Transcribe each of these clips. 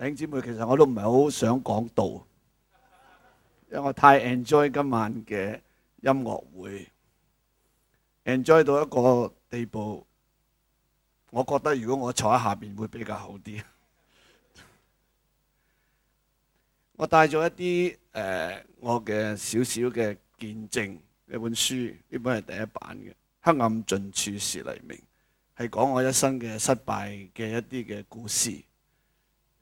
弟兄姐妹，其實我都唔係好想講道，因為我太 enjoy 今晚嘅音樂會，enjoy 到一個地步，我覺得如果我坐喺下面會比較好啲、 呃。我帶咗一啲誒我嘅少少嘅見證一本書，呢本係第一版嘅《黑暗盡處是黎明》，係講我一生嘅失敗嘅一啲嘅故事。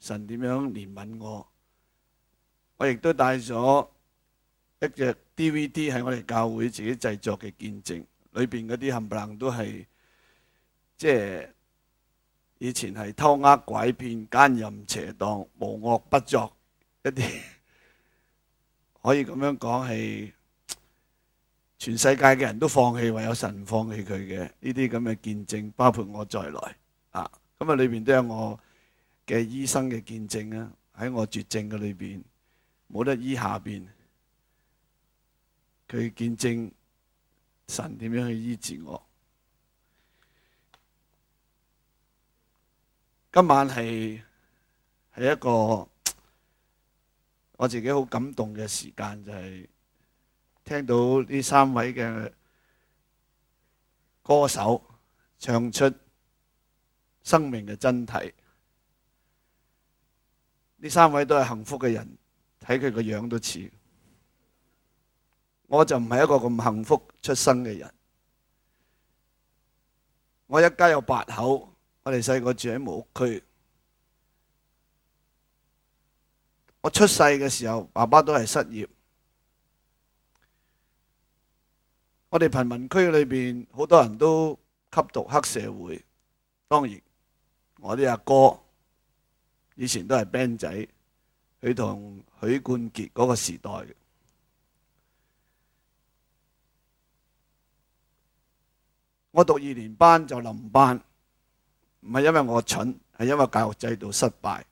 神點樣憐憫我？我亦都帶咗一隻 DVD，係我哋教會自己製作嘅見證，裏邊嗰啲冚唪唥都係即係以前係偷呃、拐騙、奸淫、邪蕩、無惡不作一啲，可以咁樣講係全世界嘅人都放棄，唯有神放棄佢嘅呢啲咁嘅見證，包括我在內啊，咁啊裏邊都有我。嘅醫生嘅見證啊，喺我絕症嘅裡面，呢三位都係幸福嘅人，睇佢個樣都似。我就唔係一個咁幸福出生嘅人。我一家有八口，我哋細個住喺木屋區。我出世嘅時候，爸爸都係失業。我哋貧民區裏邊，好多人都吸毒、黑社會。當然，我啲阿哥。以前都係 band 仔，佢同許冠傑嗰個時代。我讀二年班就臨班，唔係因為我蠢，係因為教育制度失敗。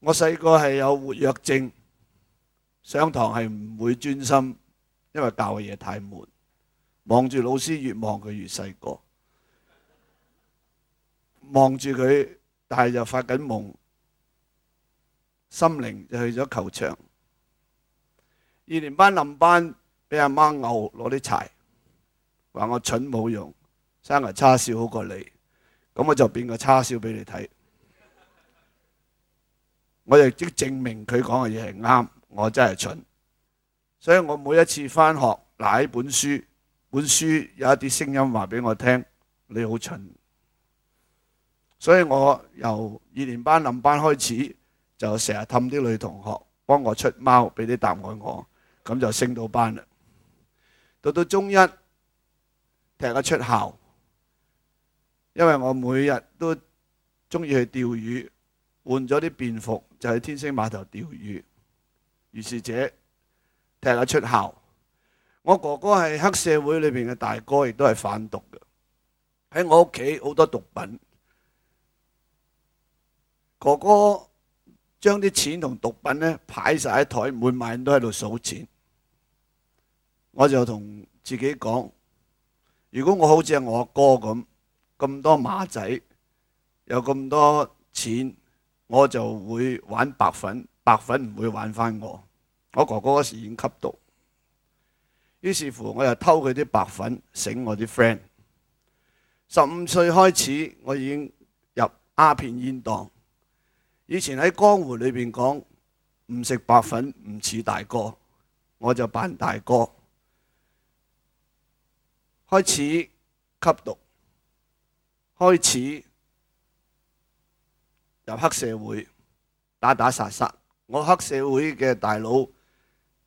我細個係有活躍症。上堂係唔會專心，因為教嘅嘢太悶，望住老師越望佢越細個，望住佢，但係就發緊夢，心靈就去咗球場。二年班、臨班俾阿媽鬧攞啲柴，話我蠢冇用，生嚟叉燒好過你，咁我就變個叉燒俾你睇，我就即證明佢講嘅嘢係啱。我真係蠢，所以我每一次翻學拿本書，本書有一啲聲音話俾我聽，你好蠢。所以我由二年班臨班開始，就成日氹啲女同學幫我出貓，俾啲答案我，咁就升到班啦。到到中一踢咗出校，因為我每日都中意去釣魚，換咗啲便服就喺天星碼頭釣魚。於是者踢下出校，我哥哥係黑社會裏邊嘅大哥，亦都係販毒嘅。喺我屋企好多毒品，哥哥將啲錢同毒品呢擺晒喺台，每晚都喺度數錢。我就同自己講：如果我好似係我阿哥咁咁多馬仔，有咁多錢，我就會玩白粉。白粉唔會玩翻我，我哥哥嗰時已經吸毒，於是乎我又偷佢啲白粉，醒我啲 friend。十五歲開始我已經入鴉片煙檔，以前喺江湖裏邊講唔食白粉唔似大哥，我就扮大哥，開始吸毒，開始入黑社會打打殺殺。我黑社會嘅大佬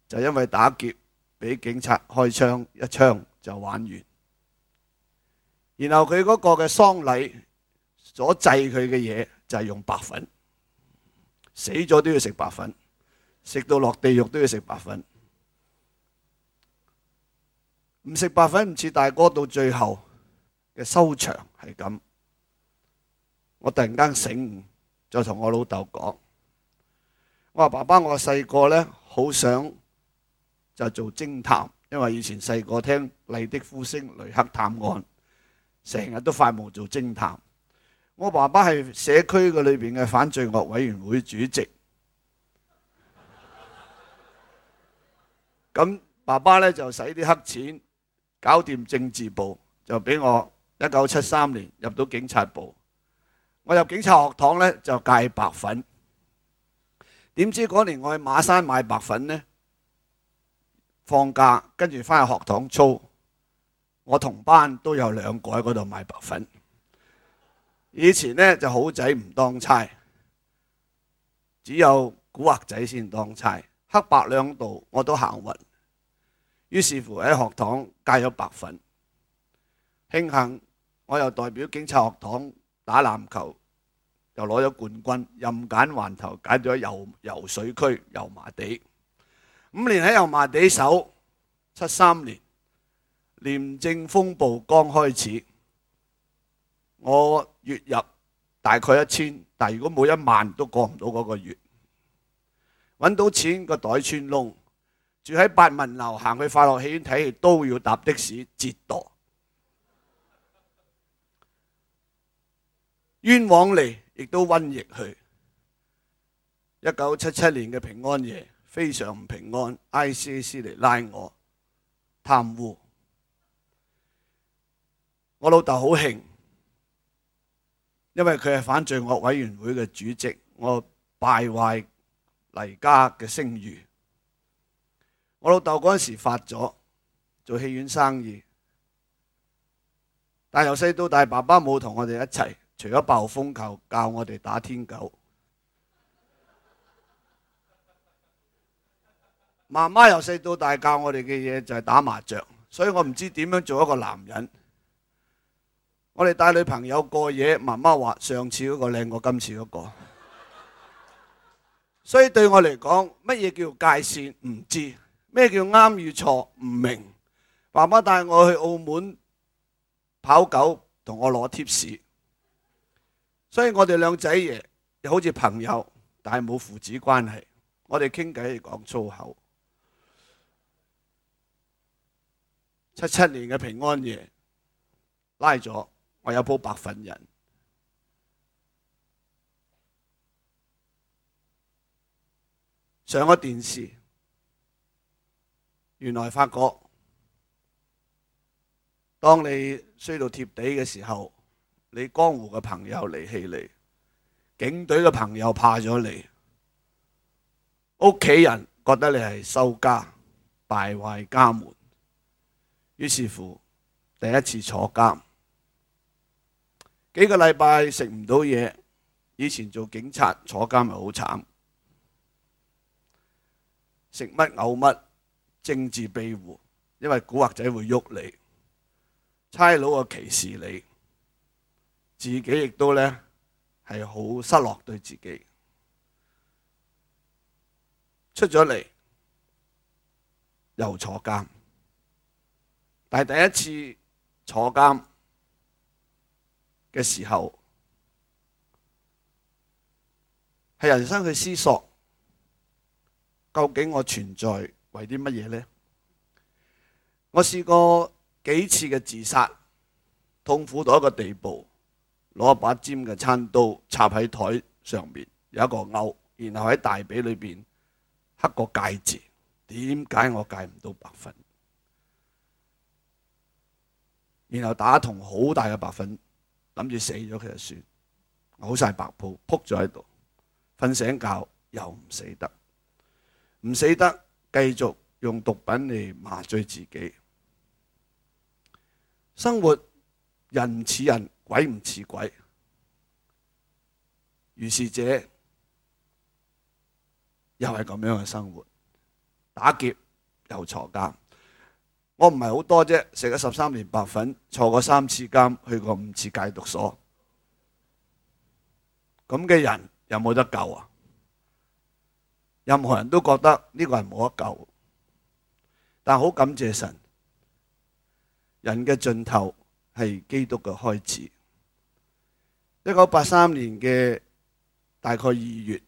就因為打劫，俾警察開槍一槍就玩完。然後佢嗰個嘅喪禮所祭佢嘅嘢，就係用白粉，死咗都要食白粉，食到落地獄都要食白粉。唔食白粉唔似大哥，到最後嘅收場係咁。我突然間醒悟，就同我老豆講。我話爸爸，我細個呢，好想就做偵探，因為以前細個聽《麗的呼聲》《雷克探案》，成日都發夢做偵探。我爸爸係社區嘅裏邊嘅反罪惡委員會主席，咁 爸爸呢，就使啲黑錢搞掂政治部，就俾我一九七三年入到警察部。我入警察學堂呢，就戒白粉。點知嗰年我去馬山買白粉呢，放假跟住翻去學堂操，我同班都有兩個喺嗰度買白粉。以前呢就好仔唔當差，只有古惑仔先當差，黑白兩道我都行運。於是乎喺學堂戒咗白粉，慶幸我又代表警察學堂打籃球。又攞咗冠軍，任揀環頭，揀咗油、油水區、油麻地。五年喺油麻地守，七三年廉政風暴剛開始，我月入大概一千，但如果冇一萬都過唔到嗰個月。揾到錢，個袋穿窿，住喺八文樓，行去快樂戲院睇戲都要搭的士，折墮，冤枉嚟。亦都瘟疫去。一九七七年嘅平安夜非常唔平安，ICAC 嚟拉我貪污。我老豆好㷫，因為佢係反罪惡委員會嘅主席，我敗壞黎家嘅聲譽。我老豆嗰時發咗做戲院生意，但由細到大，爸爸冇同我哋一齊。除咗暴風球教我哋打天狗，媽媽由細到大教我哋嘅嘢就係打麻雀，所以我唔知點樣做一個男人。我哋帶女朋友過夜，媽媽話上次嗰個靚過今次嗰個，所以對我嚟講，乜嘢叫界線唔知，咩叫啱與錯唔明。媽媽帶我去澳門跑狗，同我攞貼士。所以我哋兩仔爺又好似朋友，但係冇父子關係。我哋傾偈嚟，講粗口。七七年嘅平安夜拉咗，我有鋪白粉人上咗電視，原來發覺當你衰到貼地嘅時候。你江湖嘅朋友離棄你，警隊嘅朋友怕咗你，屋企人覺得你係收家敗壞家門，於是乎第一次坐監，幾個禮拜食唔到嘢。以前做警察坐監咪好慘，食乜嘔乜，政治庇護，因為古惑仔會喐你，差佬個歧視你。自己亦都咧係好失落，對自己出咗嚟又坐監，但係第一次坐監嘅時候係人生去思索，究竟我存在為啲乜嘢呢？我試過幾次嘅自殺，痛苦到一個地步。攞一把尖嘅餐刀插喺台上面，有一個勾，然後喺大髀裏邊刻個戒字。點解我戒唔到白粉？然後打一桶好大嘅白粉，諗住死咗佢就算，嘔晒白泡，仆咗喺度，瞓醒覺又唔死得，唔死得繼續用毒品嚟麻醉自己，生活。人唔似人，鬼唔似鬼。如是者，又係咁樣嘅生活，打劫又坐監。我唔係好多啫，食咗十三年白粉，坐過三次監，去過五次戒毒所。咁嘅人有冇得救啊？任何人都覺得呢個係冇得救，但好感謝神，人嘅盡頭。係基督嘅開始。一九八三年嘅大概二月，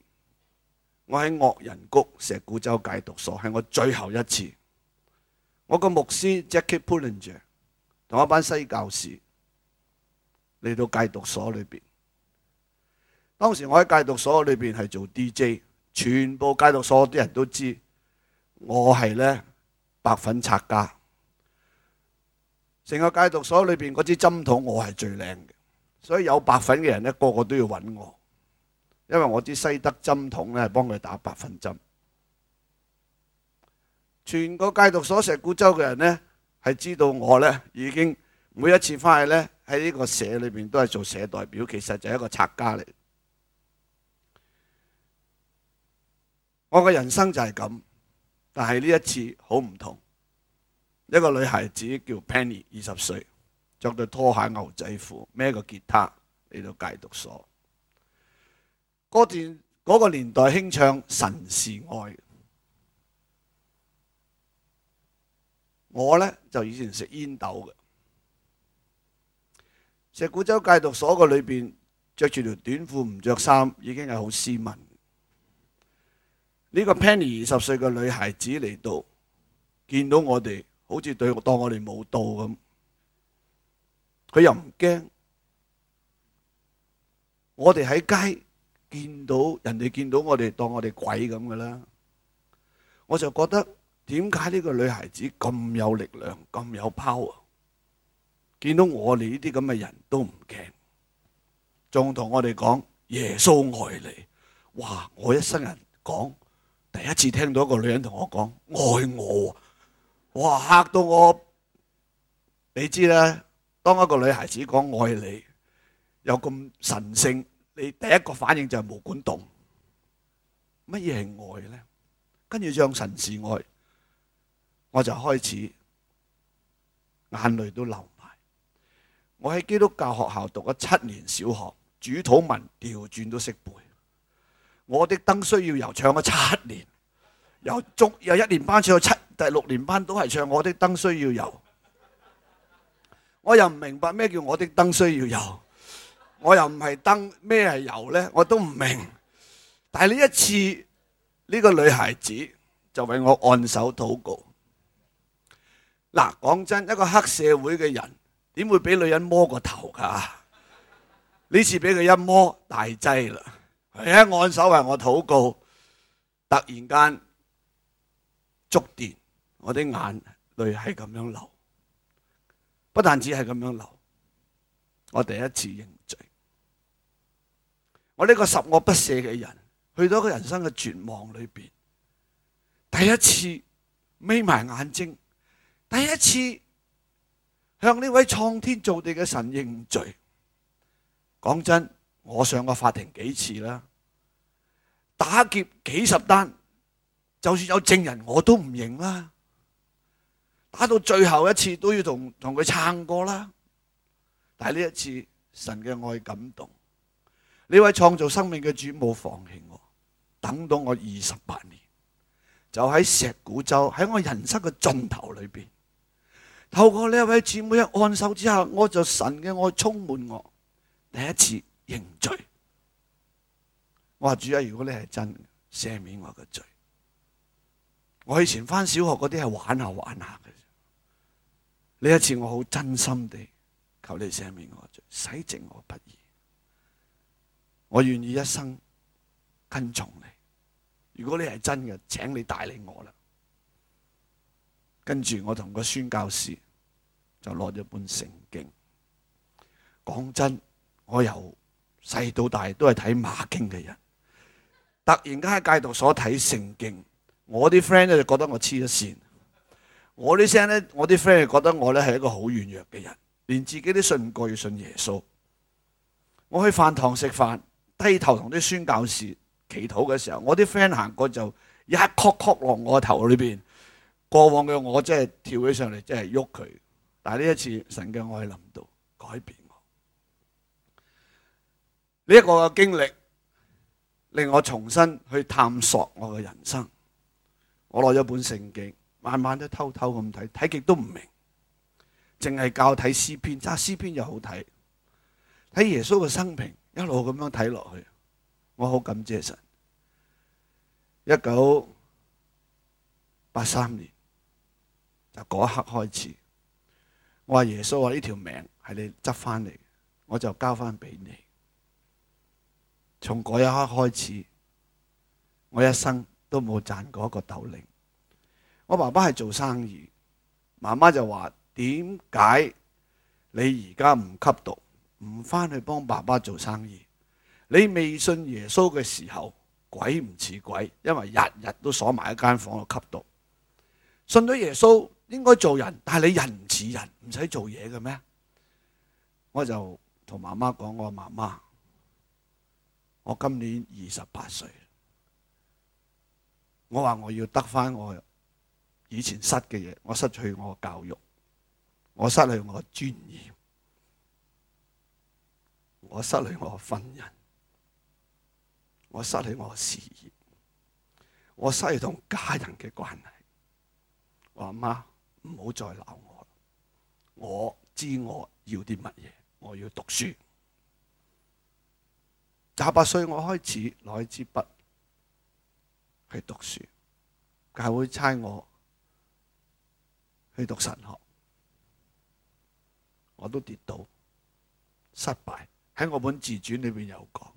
我喺惡人谷石鼓洲戒毒所，係我最後一次。我個牧師 Jackie Pullinger 同一班西教士嚟到戒毒所裏邊。當時我喺戒毒所裏邊係做 DJ，全部戒毒所啲人都知我係呢白粉拆家。成個戒毒所裏邊嗰支針筒，我係最靚嘅，所以有白粉嘅人咧，個個都要揾我，因為我支西德針筒咧，幫佢打白粉針。全個戒毒所石鼓洲嘅人呢係知道我呢已經每一次翻去呢喺呢個社裏邊都係做社代表，其實就係一個拆家嚟。我嘅人生就係咁，但係呢一次好唔同。一個女孩子叫 Penny，二十歲，着對拖鞋、牛仔褲，孭個吉他嚟到戒毒所。嗰段、嗰個年代興唱《神是愛》，我呢就以前食煙斗嘅。石鼓洲戒毒所嘅裏邊，着住條短褲唔着衫，已經係好斯文。呢、呢個 Penny 二十歲嘅女孩子嚟到，見到我哋。好似對我當我哋冇到咁，佢又唔驚。我哋喺街見到人哋見到我哋當我哋鬼咁嘅啦，我就覺得點解呢個女孩子咁有力量，咁有 power？見到我哋呢啲咁嘅人都唔驚，仲同我哋講耶穌愛你。哇！我一生人講，第一次聽到一個女人同我講愛我。哇！嚇到我，你知啦。當一個女孩子講愛你，又咁神聖，你第一個反應就係無管動。乜嘢係愛呢？跟住唱神是愛，我就開始眼淚都流埋。我喺基督教學校讀咗七年小學，主禱文調轉都識背。我的燈需要油，唱咗七年，由中由一年班唱到七。第六年班都係唱《我的燈需要油》，我又唔明白咩叫《我的燈需要油》，我又唔係燈咩係油呢，我都唔明。但係呢一次呢個女孩子就為我按手禱告。嗱，講真，一個黑社會嘅人點會俾女人摸個頭㗎？呢次俾佢一摸大劑啦！佢一按手為我禱告，突然間觸電。我啲眼淚係咁樣流，不但只係咁樣流。我第一次認罪，我呢個十惡不赦嘅人，去到個人生嘅絕望裏邊，第一次眯埋眼睛，第一次向呢位創天造地嘅神認罪。講真，我上過法庭幾次啦，打劫幾十單，就算有證人我都唔認啦。打到最後一次都要同同佢撐過啦但係呢一次，神嘅愛感動呢位創造生命嘅主冇放棄我，等到我二十八年，就喺石鼓洲喺我人生嘅盡頭裏邊，透過呢一位姊妹一按手之下，我就神嘅愛充滿我。第一次認罪，我話主啊，如果你係真嘅，赦免我嘅罪。我以前返小學嗰啲係玩下玩下嘅。呢一次我好真心地求你赦免我罪，洗淨我不義。我願意一生跟從你。如果你係真嘅，請你帶領我啦。跟住我同個宣教師就攞咗本聖經。講真，我由細到大都係睇馬經嘅人，突然間喺戒毒所睇聖經，我啲 friend 咧就覺得我黐咗線。我啲聲咧，我啲 friend 覺得我咧係一個好軟弱嘅人，連自己都信唔過要信耶穌。我去飯堂食飯，低頭同啲宣教士祈禱嘅時候，我啲 friend 行過就一曲曲落我頭裏邊。過往嘅我真係跳起上嚟，真係喐佢。但係呢一次神嘅愛臨到，改變我。呢一、這個嘅經歷，令我重新去探索我嘅人生。我攞咗本聖經。慢慢都偷偷咁睇，睇極都唔明，淨係教睇詩篇，但係詩篇又好睇，睇耶穌嘅生平一路咁樣睇落去，我好感謝神。一九八三年就嗰一刻開始，我話耶穌話呢條命係你執翻嚟，我就交翻俾你。從嗰一刻開始，我一生都冇賺過一個豆零。我爸爸係做生意，媽媽就話：點解你而家唔吸毒，唔翻去幫爸爸做生意？你未信耶穌嘅時候，鬼唔似鬼，因為日日都鎖埋一間房度吸毒。信咗耶穌應該做人，但係你人唔似人，唔使做嘢嘅咩？我就同媽媽講：我話媽媽，我今年二十八歲，我話我要得翻我。以前失嘅嘢，我失去我嘅教育，我失去我嘅尊嚴，我失去我嘅婚姻，我失去我嘅事業，我失去同家人嘅關係。我阿媽唔好再鬧我，我知我要啲乜嘢，我要讀書。十八歲我開始攞支筆去讀書，佢係會猜我。去讀神學，我都跌倒失敗。喺我本自傳裏邊有講，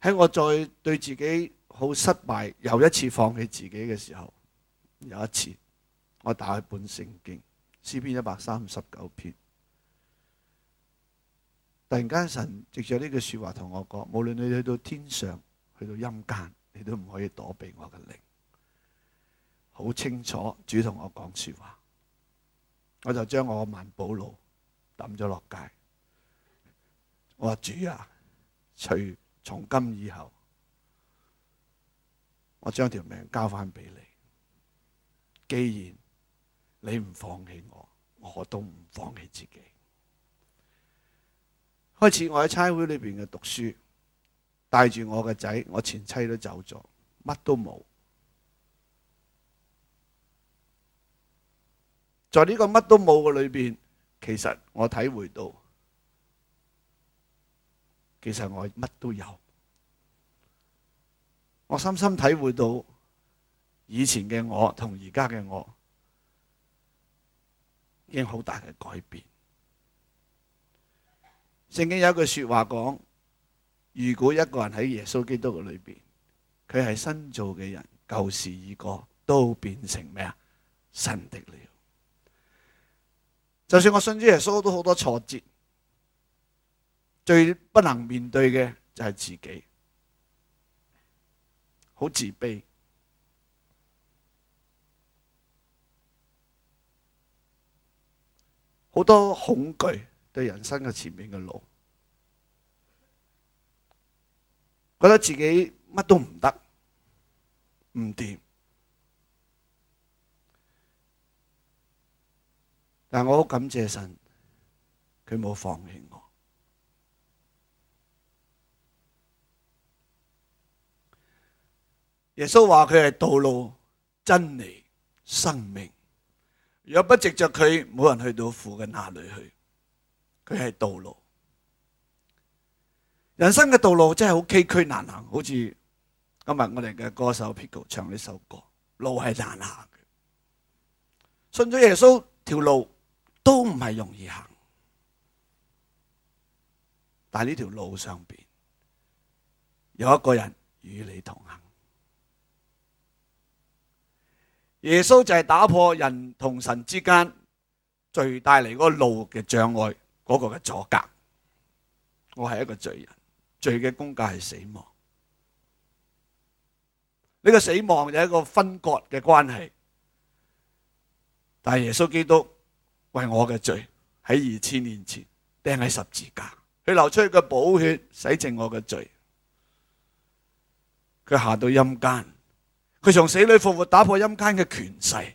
喺我再對自己好失敗，又一次放棄自己嘅時候，有一次我打開本聖經，詩篇一百三十九篇，突然間神藉着呢句說話同我講：無論你去到天上，去到陰間，你都唔可以躲避我嘅靈。好清楚，主同我講說話，我就將我萬寶路抌咗落街。我話主啊，隨從今以後，我將條命交翻俾你。既然你唔放棄我，我都唔放棄自己。開始我喺差會裏邊嘅讀書，帶住我嘅仔，我前妻都走咗，乜都冇。在呢個乜都冇嘅裏邊，其實我體會到，其實我乜都有。我深深體會到以前嘅我同而家嘅我，已經好大嘅改變。聖經有一句說話講，如果一個人喺耶穌基督嘅裏邊，佢係新造嘅人，舊事已過，都變成咩啊？新的了。就算我信咗耶穌都好多挫折，最不能面對嘅就係自己，好自卑，好多恐懼對人生嘅前面嘅路，覺得自己乜都唔得，唔掂。但我好感謝神，佢冇放棄我。耶穌話佢係道路、真理、生命。若不藉着佢，冇人去到父嘅那裏去。佢係道路。人生嘅道路真係好崎嶇難行，好似今日我哋嘅歌手 Pico 唱呢首歌，路係難行嘅。信咗耶穌條路。都唔係容易行，但係呢條路上邊有一個人與你同行。耶穌就係打破人同神之間罪帶來個路嘅障礙，嗰個嘅阻隔。我係一個罪人，罪嘅工價係死亡。呢個死亡有一個分割嘅關係，但係耶穌基督，為我嘅罪，喺二千年前釘喺十字架，佢流出嘅寶血洗淨我嘅罪。佢下到陰間，佢從死裏復活，打破陰間嘅權勢。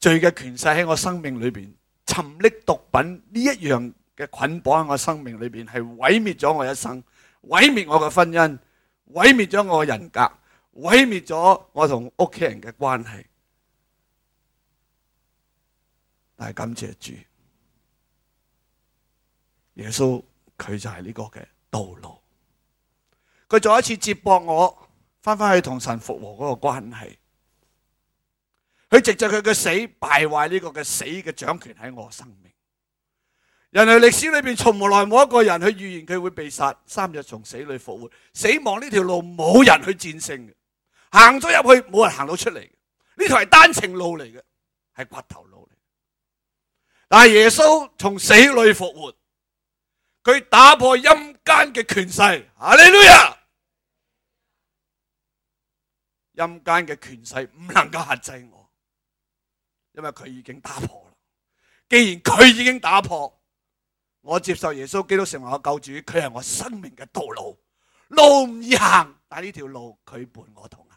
罪嘅權勢喺我生命裏邊，沉溺毒品呢一樣嘅捆綁喺我生命裏邊，係毀滅咗我一生，毀滅我嘅婚姻，毀滅咗我嘅人格，毀滅咗我同屋企人嘅關係。係感謝主耶穌，佢就係呢個嘅道路。佢再一次接駁我，翻翻去同神復和嗰個關係。佢藉着佢嘅死敗壞呢個嘅死嘅掌權喺我生命。人類歷史裏邊從無來冇一個人去預言佢會被殺，三日從死裏復活。死亡呢條路冇人去戰勝嘅，行咗入去冇人行到出嚟。呢條係單程路嚟嘅，係掘頭路。但耶穌從死裏復活，佢打破陰間嘅權勢。啊，你女啊，陰間嘅權勢唔能夠限制我，因為佢已經打破喇。既然佢已經打破，我接受耶穌基督成為我救主，佢係我生命嘅道路，路唔易行，但係呢條路佢伴我同行。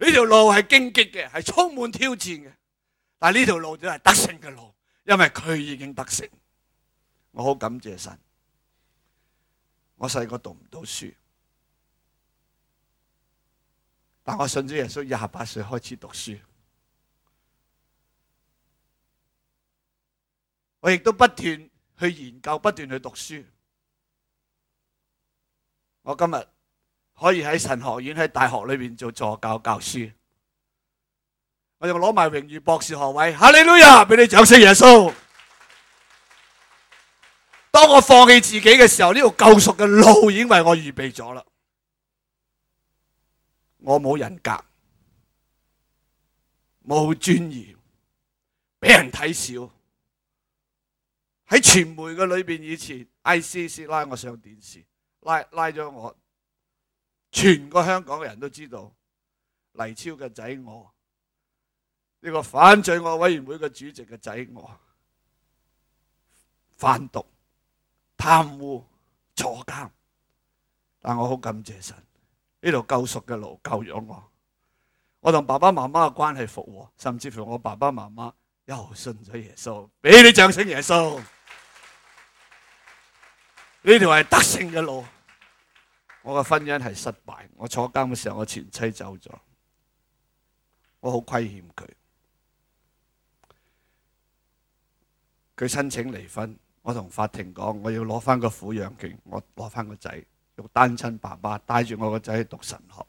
呢條路係荊棘嘅，係充滿挑戰嘅，但係呢條路就係得勝嘅路，因為佢已經得勝。我好感謝神。我細個讀唔到書，但我信主耶穌，廿八歲開始讀書，我亦都不斷去研究，不斷去讀書。我今日，可以喺神學院、喺大學裏邊做助教、教書，我就攞埋榮譽博士學位。哈利路亞，俾你掌聲耶穌。當我放棄自己嘅時候，呢條救贖嘅路已經為我預備咗啦。我冇人格，冇尊嚴，俾人睇少。喺傳媒嘅裏邊，以前 ICC 拉我上電視，拉拉咗我。全個香港人都知道黎超嘅仔，我呢個反罪惡委員會嘅主席嘅仔，我販毒、貪污坐監，但我好感謝神呢條救贖嘅路救咗我，我同爸爸媽媽嘅關係復和，甚至乎我爸爸媽媽又信咗耶穌，俾你掌聲耶穌，呢條係得勝嘅路。我個婚姻係失敗，我坐監嘅時候我前妻走咗，我好虧欠佢。佢申請離婚，我同法庭講，我要攞翻個撫養權，我攞翻個仔，用單親爸爸帶住我個仔去讀神學。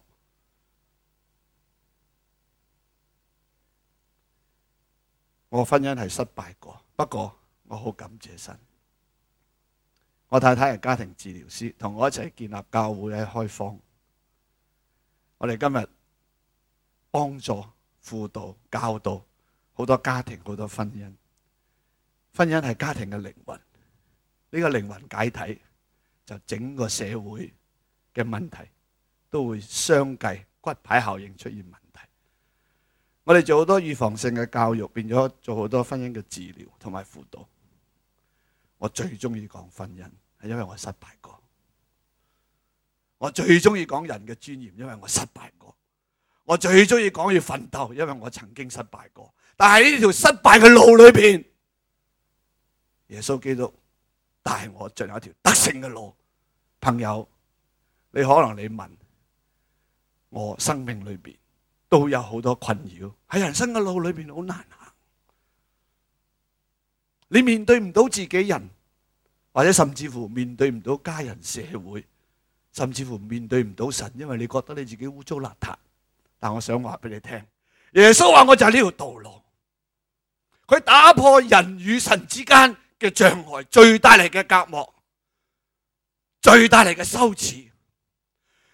我婚姻係失敗過，不過我好感謝神。我太太係家庭治療師，同我一齊建立教會嘅開放。我哋今日幫助、輔導、教導好多家庭、好多婚姻。婚姻係家庭嘅靈魂，呢、這個靈魂解體，就整個社會嘅問題都會相繼骨牌效應出現問題。我哋做好多預防性嘅教育，變咗做好多婚姻嘅治療同埋輔導。我最中意講婚姻，係因為我失敗過；我最中意講人嘅尊嚴，因為我失敗過；我最中意講要奮鬥，因為我曾經失敗過。但係呢條失敗嘅路裏邊，耶穌基督帶我進入一條得勝嘅路。朋友，你可能你問我，生命裏邊都有好多困擾，喺人生嘅路裏邊好難啊。你面對唔到自己人。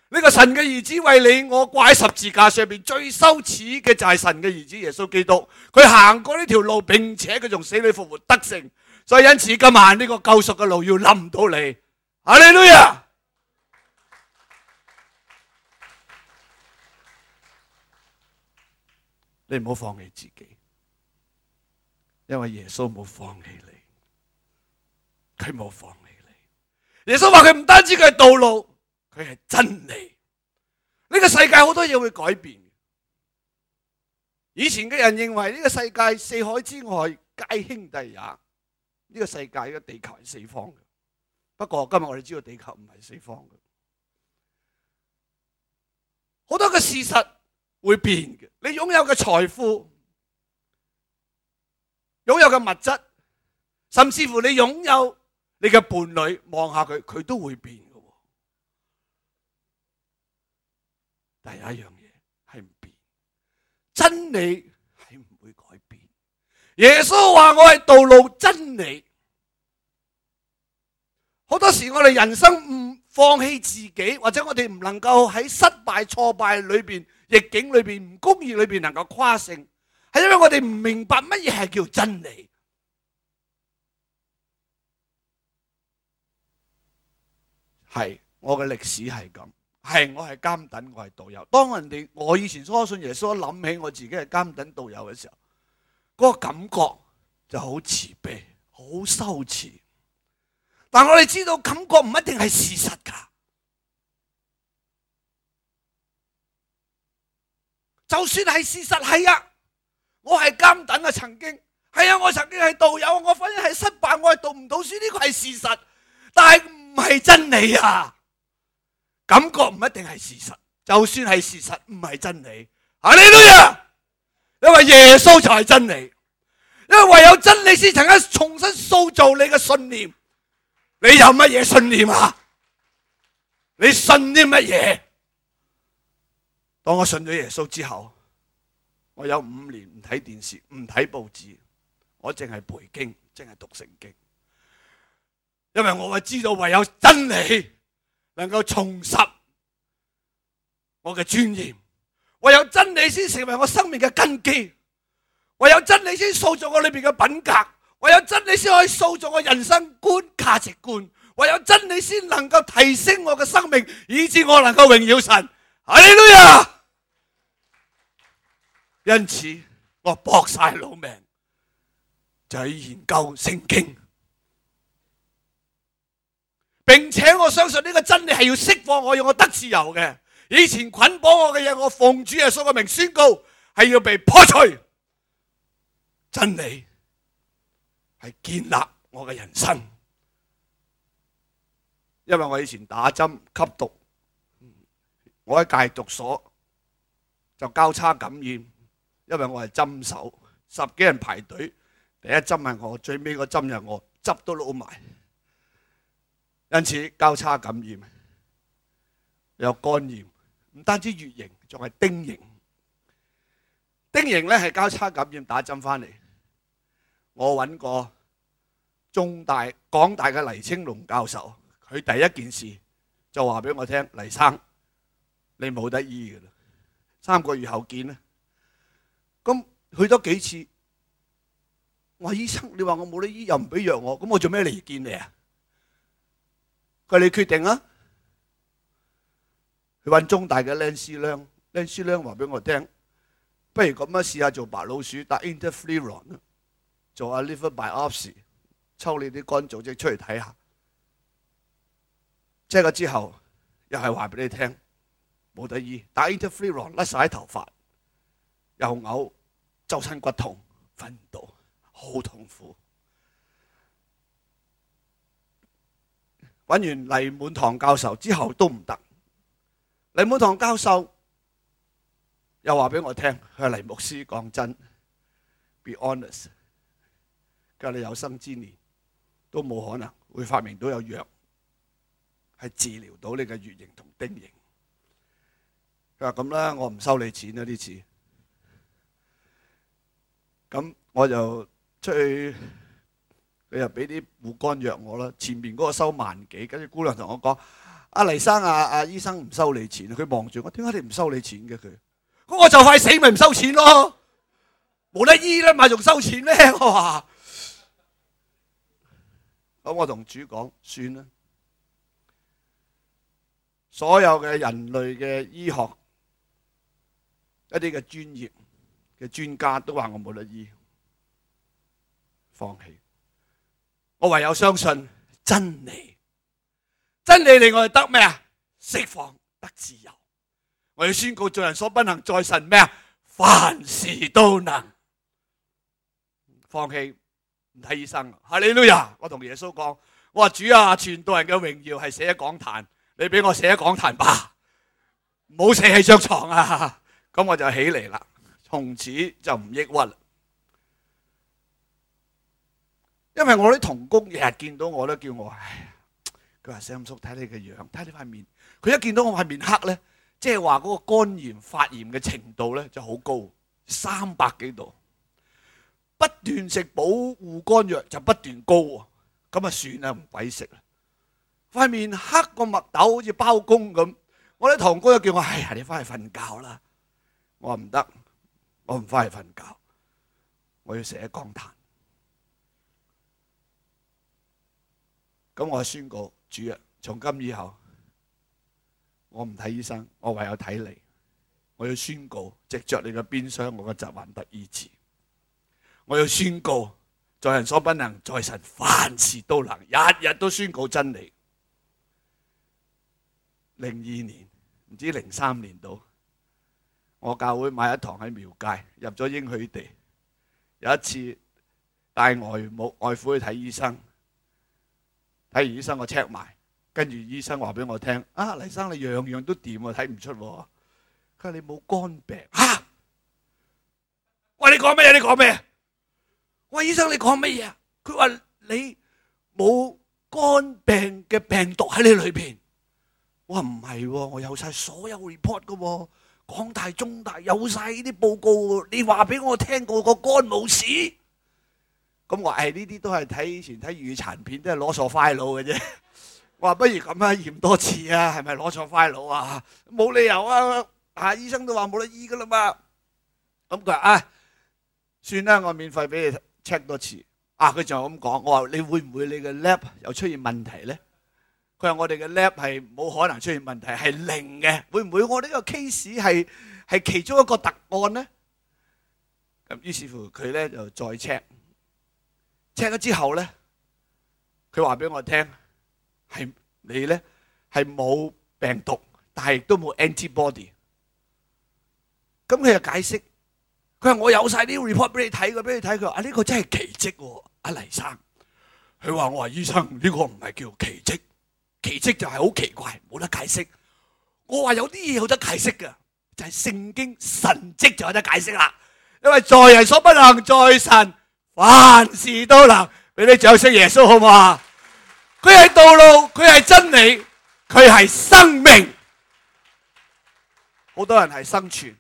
呢個神嘅兒子為你我掛喺十字架上邊，最羞恥嘅就係神嘅兒子耶穌基督，佢行過呢條路，並且佢仲死裏復活得勝，所以因此今晚呢個救贖嘅路要臨到 你。阿你女啊，你唔好放棄自己，因為耶穌冇放棄你，佢冇放棄你。耶穌話佢唔單止佢係道路。佢係真理。呢個世界好多嘢會改變。以前嘅人認為呢個世界四海之外皆兄弟也。呢個世界嘅地球係四方嘅。不過今日我哋知道地球唔係四方嘅。好多嘅事實會變嘅。你擁有嘅財富、擁有嘅物質，甚至乎你擁有你嘅伴侶，望下佢，佢都會變。第一樣嘢，係唔變，真理，係唔會改變。耶穌話我係道路真理，係，是我係監躉。我係道友。當人哋我以前初信耶穌，諗起我自己係監躉道友嘅時候，嗰、那個感覺就好自卑、好羞恥。但我哋知道感覺唔一定係事實噶。就算係事實，係啊，我係監躉啊，曾經係啊，我曾經係道友，我婚姻係失敗，我係讀唔到書，呢個係事實，但係唔係真理啊。感覺唔一定係事實，就算係事實唔係真理，啊你都呀，因為耶穌就係真理，因為唯有真理先能夠重新塑造你嘅信念。你有乜嘢信念啊？你信啲乜嘢？當我信咗耶穌之後，我有五年唔睇電視，唔睇報紙，我淨係背經，淨係讀聖經，因為我係知道唯有真理。能夠重拾我嘅尊嚴，唯有真理先成為我生命嘅根基；唯有真理先塑造我裏面嘅品格；唯有真理先可以塑造我人生觀、價值觀；唯有真理先能夠提升我嘅生命，以致我能夠榮耀神。哈利路亞！因此，我搏晒老命就係研究聖經。並且我相信呢個真理係要釋放我，要我得自由嘅。以前捆綁我嘅嘢，我奉主耶穌嘅名宣告，係要被破除。真理係建立我嘅人生，因為我以前打針吸毒，我喺戒毒所就交叉感染，因為我係針手，十幾人排隊，第一針係我，最尾個針係我，汁都撈埋。因此，交叉感染，有肝炎，唔單止，乙型，仲係丁型。丁型呢，係交叉感染打針返嚟。我揾個中大、港大嘅黎青龍教授，佢第一件事，就話俾我聽，黎生，你冇得醫㗎喇。三個月後見呢？咁，去咗幾次，我話醫生，你話我冇得醫又唔俾藥我，咁我做咩嚟見你呀？佢哋決定啦，佢揾中大嘅靚師娘，靚師娘話俾我聽，不如咁啊，試下做白老鼠打 interferon，l 做 liver biopsy，抽你啲肝組織出嚟睇下。即係佢之後又係話俾你聽，冇得醫，打 interferon l 甩晒頭髮，又嘔，周身骨痛，瞓到好痛苦。揾完黎滿堂教授之後都唔得，黎滿堂教授又話俾我聽，佢係黎牧師，講真，be honest，佢話你有生之年都冇可能會發明到有藥係治療到你嘅月型同丁型。佢話咁啦，我唔收你錢啦呢次。咁我就出去。你又俾啲護肝藥我啦，前面嗰個收萬幾，跟住姑娘同我講：阿、啊、黎生啊，阿、啊、醫生唔收你錢。佢望住我，點解你唔收你錢嘅？佢，我、那個、就快死，咪唔收錢咯，冇得醫喇，咪仲收錢咧？我話，咁我同主講算啦。所有嘅人類嘅醫學一啲嘅專業嘅專家都話我冇得醫，放棄。我唯有相信真理，真理令我哋得咩啊？釋放得自由。我要宣告做人所不能，在神咩啊？凡事都能。放棄唔睇醫生，哈利路亞，我同耶穌講，我話主啊，傳道人嘅榮耀係寫喺講壇，你俾我寫喺講壇吧，唔好寫喺張床啊。咁 我就起嚟啦，從此就唔抑鬱啦。因為我啲同工日日見到我咧，都叫我，唉，佢話 sam 叔，睇你嘅樣，睇你塊面。佢一見到我塊面黑咧，即係話嗰個肝炎發炎嘅程度咧就好高，三百幾度，不斷食保護肝藥就不斷高。咁啊算啦，唔鬼食啦。塊面黑過麥豆，好似包公咁。我啲同工又叫我，哎呀，你翻去瞓覺啦。我話唔得，我唔翻去瞓覺，我要食喺講台。咁我宣告主啊！從今以後，我唔睇醫生，我唯有睇你。我要宣告，藉着你嘅鞭傷，我嘅疾病得醫治。我要宣告，在人所不能，在神凡事都能。日日都宣告真理。零二年唔知零三年度，我教會買一堂喺廟街，入咗英許地。有一次帶外母外父去睇醫生。睇、哎、醫生我 check 埋，跟住醫生話俾我聽：啊黎生你樣樣都掂啊，睇唔出。佢話你冇肝病吓？啊「喂，你講咩啊？你講咩啊？我話醫生你講咩嘢啊？佢話你冇肝病嘅病毒喺你裏邊。我話唔係喎，我有晒所有 report 㗎喎，港大中大有晒呢啲報告喎，你話俾我聽，我個肝冇事。咁我話呢啲都係睇以前睇預殘片，都係攞錯 file 嘅啫。 我話不如咁啦，驗多次啊，係咪攞錯 file 啊？冇理由啊，啊醫生都話冇得醫噶啦嘛。咁佢話啊，算啦，我免費俾你 check 多次。啊，佢就咁講。我話你會唔會你嘅 lab 又出現問題咧？佢話我哋嘅 lab 係冇可能出現問題，係零嘅。會唔會我呢個 case 係係其中一個特案咧？咁於是乎佢咧就再 check。check 咗之後咧，佢話俾我聽，係你咧係冇病毒，但係亦都冇 antibody。咁佢又解釋，佢話，我有晒啲 report 俾你睇，佢俾你睇佢，啊呢個真係奇跡喎，啊，阿黎生。佢話。我話，醫生，呢個唔係叫奇跡，奇跡就係好奇怪，冇得解釋。我話有啲嘢，有得解釋嘅，就係聖經神跡就有得解釋啦。因為在人所不能，在神。還是都能，俾你掌聲，耶穌好唔好啊？佢係道路，佢係真理，佢係生命。好多人係生存，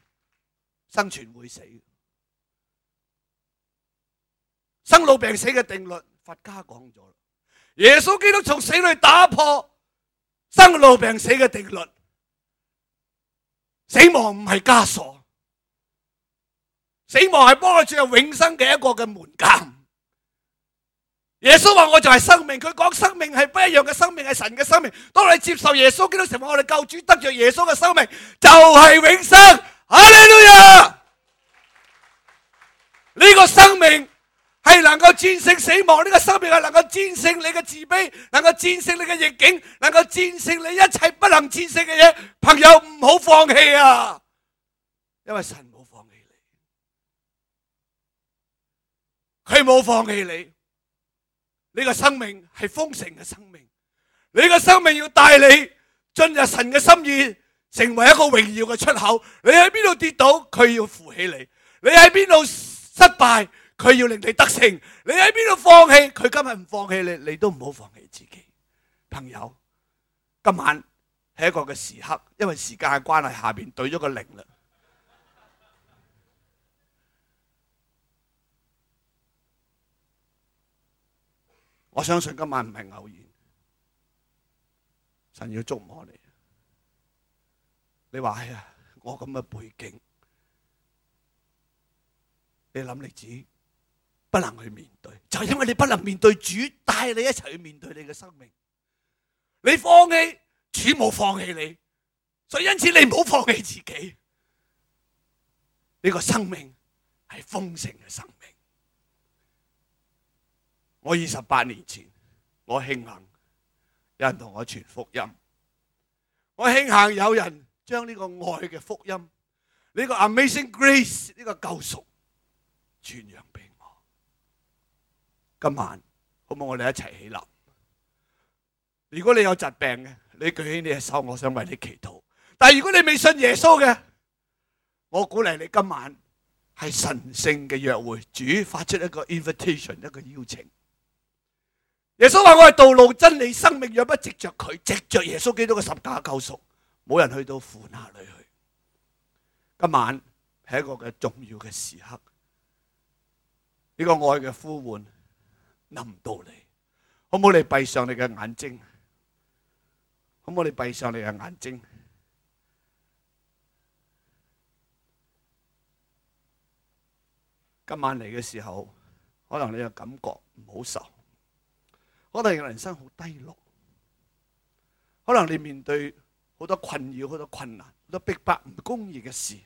生存會死，生老病死嘅定律。佛家講咗，耶穌基督從死裏打破生老病死嘅定律，死亡唔係枷鎖。死亡係幫我進入永生嘅一個嘅門檻。耶穌話：我就係生命。佢講生命係不一樣嘅生命，係神嘅生命。當你接受耶穌基督成為我哋救主得着耶穌嘅生命，就係永生。哈利路亞！呢個生命係能夠戰勝死亡，呢個生命係能夠戰勝你嘅自卑，能夠戰勝你嘅逆境，能夠戰勝你一切不能戰勝嘅嘢。朋友唔好放棄啊！因為神。佢冇放棄你，你個生命係豐盛嘅生命，你個生命要帶你進入神嘅心意，成為一個榮耀嘅出口。你喺邊度跌倒，佢要扶起你；你喺邊度失敗，佢要令你得勝；你喺邊度放棄，佢今日唔放棄你，你都唔好放棄自己。朋友，今晚係一個嘅時刻，因為時間嘅關係，下邊對咗個零啦。我相信今晚唔係偶然，神要觸摸你。你話，哎呀，我咁嘅背景，你諗你自己不能去面對，就係因為你不能面對主，帶你一齊去面對你嘅生命。你放棄，主冇放棄你，所以因此你唔好放棄自己。呢個生命係豐盛嘅生命。我二十八年前，我慶幸有人同我傳福音，我慶幸有人將呢個愛嘅福音，呢個 Amazing Grace，呢個救贖傳揚俾我。今晚，好唔好？我哋一齊起立。如果你有疾病嘅，你舉起你嘅手，我想為你祈禱。但係如果你未信耶穌嘅，我鼓勵你今晚係神聖嘅約會，主發出一個 invitation，一個邀請。耶穌可能人生好低落，可能你面對好多困擾、好多困難、好多逼迫、唔公義嘅事，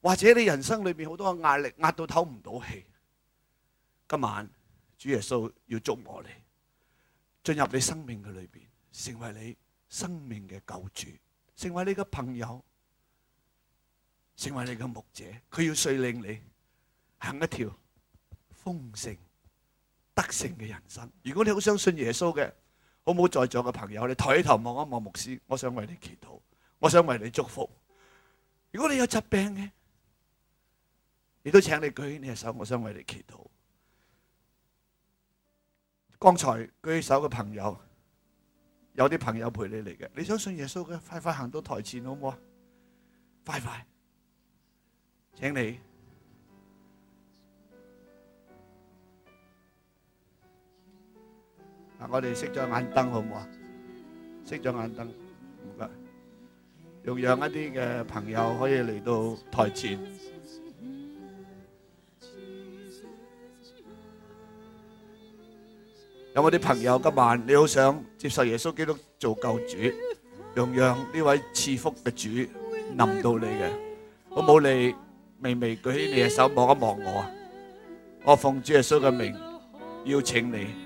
或者你人生裏邊好多壓力壓到唞唔到氣。今晚主耶穌要捉我嚟，進入你生命嘅裏邊，成為你生命嘅救主，成為你嘅朋友，成為你嘅牧者。佢要率領你行一條豐盛。得勝嘅人生，如果你好相信耶穌嘅，好唔好在座嘅朋友，你抬起頭望一望牧師，我想為你祈禱，我想為你祝福。如果你有疾病嘅，亦都請你舉起你嘅手，我想為你祈禱。剛才舉手嘅朋友，有啲朋友陪你嚟嘅，你想信耶穌嘅，快快行到台前，好唔好啊？快快，請你。我哋熄咗眼燈好唔好啊？熄咗眼燈，唔該。容讓一啲嘅朋友可以嚟到台前。有冇啲朋友今晚你好想接受耶穌基督做救主，容讓呢位賜福嘅主臨到你嘅，好冇？你微微舉起你嘅手望一望我啊！我奉主耶穌嘅名邀請你。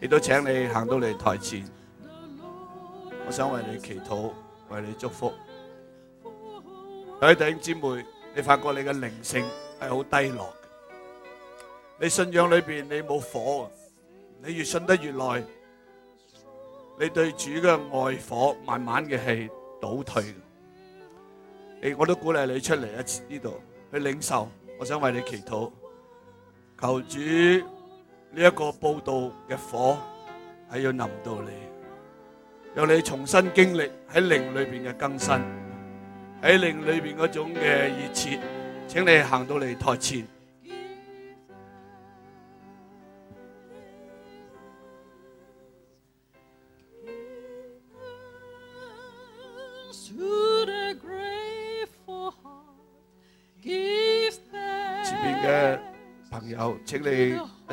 亦都請你行到嚟台前，我想為你祈禱，為你祝福。各位弟兄姊妹，你發覺你嘅靈性係好低落嘅，你信仰裏邊你冇火啊！你越信得越耐，你對主嘅愛火慢慢嘅係倒退。你我都鼓勵你出嚟一次呢度去領受，我想為你祈禱，求主。呢一個報道嘅火係要臨到你，讓你重新經歷喺靈裏邊嘅更新，喺靈裏邊嗰種嘅熱切，請你行到嚟台前。前面嘅朋友，請你。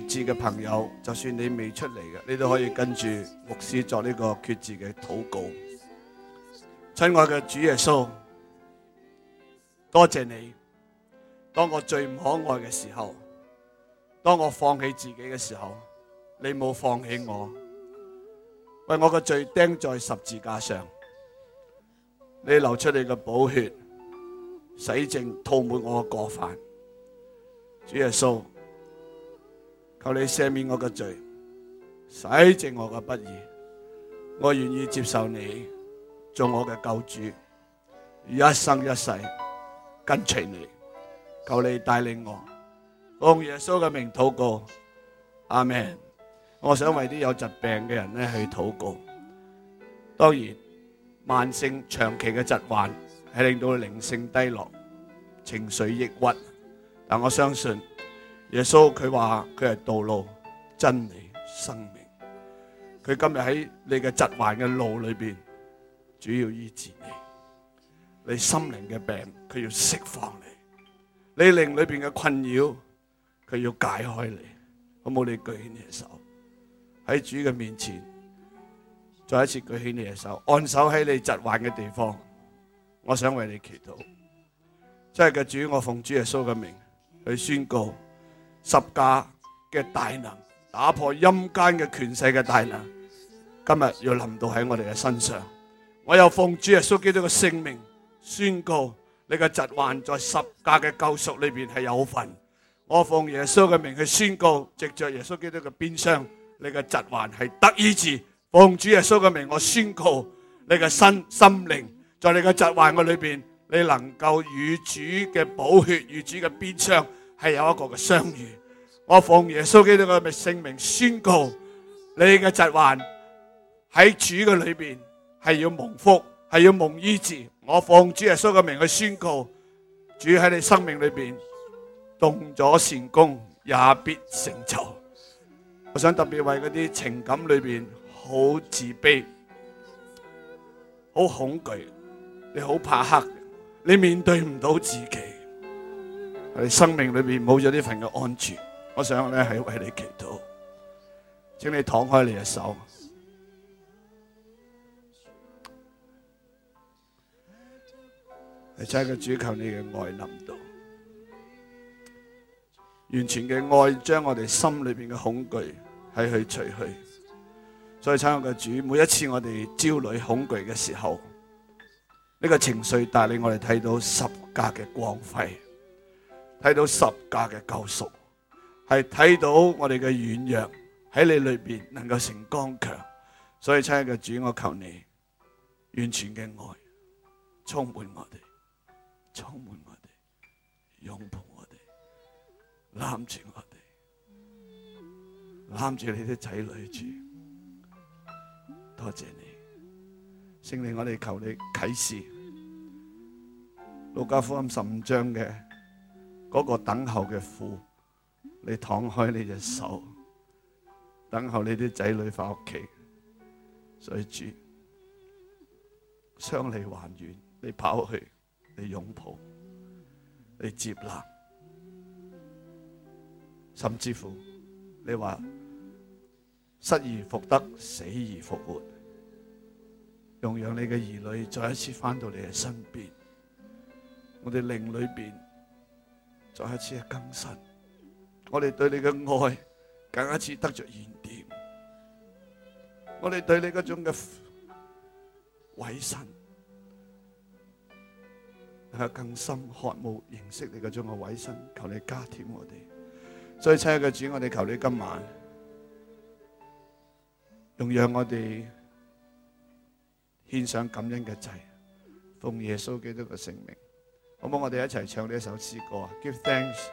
決志嘅朋友，就算你未出嚟嘅，你都可以跟住牧師作呢個決志嘅禱告。親愛嘅主耶穌，多謝你，當我最唔可愛嘅時候，當我放棄自己嘅時候，你冇放棄我，為我嘅罪釘在十字架上，你流出你嘅寶血，洗淨塗抹我嘅過犯。主耶穌。求你赦免我嘅罪，洗淨我嘅不義。我願意接受你做我嘅救主，一生一世跟隨你。求你帶領我，我用耶穌嘅名禱告。阿門，我想為啲有疾病嘅人咧去禱告。當然，慢性長期嘅疾患係令到靈性低落、情緒抑鬱，但我相信。耶穌佢話佢係道路、真理、生命。佢今日喺你嘅疾患嘅路裏邊，主要醫治你。你心靈嘅病佢要釋放你，你靈裏邊嘅困擾佢要解開你。好冇，你舉起你嘅手，喺主嘅面前再一次舉起你嘅手，按手喺你疾患嘅地方。我想為你祈禱，真係嘅主，我奉主耶穌嘅名去宣告。十架嘅大能，打破陰間嘅權勢嘅大能，今日要臨到喺我哋嘅身上。我又奉主耶穌基督嘅聖名宣告，你嘅疾患在十架嘅救贖裏邊係有份。我奉耶穌嘅名去宣告，藉着耶穌基督嘅鞭傷，你嘅疾患係得醫治。奉主耶穌嘅名，我宣告你嘅身心靈，在你嘅疾患嘅裏邊，你能夠與主嘅寶血與主嘅鞭傷。係有一個嘅相遇，我奉耶穌基督嘅名宣告，你嘅疾患喺主嘅裏邊係要蒙福，係要蒙醫治。我奉主耶穌嘅名去宣告，主喺你生命裏邊動咗善工，也必成就。我想特別為嗰啲情感裏邊好自卑、好恐懼、你好怕黑、你面對唔到自己。我哋生命裏邊冇咗呢份嘅安全，我想咧係為你祈禱，請你敞開你嘅手，主，求你嘅愛，完全嘅愛將我哋心裏邊嘅恐懼係去除去。所以，求我嘅主，每一次我哋焦慮、恐懼嘅時候，呢個情緒帶領我哋睇到十格嘅光輝。睇到十架嘅救贖，係睇到我哋嘅軟弱喺你裏面能夠成剛強，所以親愛的主，我求你完全嘅愛充滿我哋，充滿我哋，擁抱我哋，攬住我哋，攬住你啲仔女主，多謝你，聖靈，我哋求你啟示，路加福音十五章嘅。嗰個等候嘅父，你敞開你隻手，等候你啲仔女返屋企。所以主，相離還遠，你跑去，你擁抱，你接納，甚至乎，你話失而復得，死而復活，容讓你嘅兒女再一次返到你嘅身邊。我哋靈裏邊。再一次更新，我哋對你嘅愛，再一次得着燃點。我哋對你嗰種嘅偉神，係更深渴慕認識你嗰種嘅偉神。求你加添我哋。最親愛的主，我哋求你今晚，容讓我哋獻上感恩嘅祭，奉耶穌基督嘅聖名。好唔好？我哋一齊唱呢一首詩歌啊！Give thanks。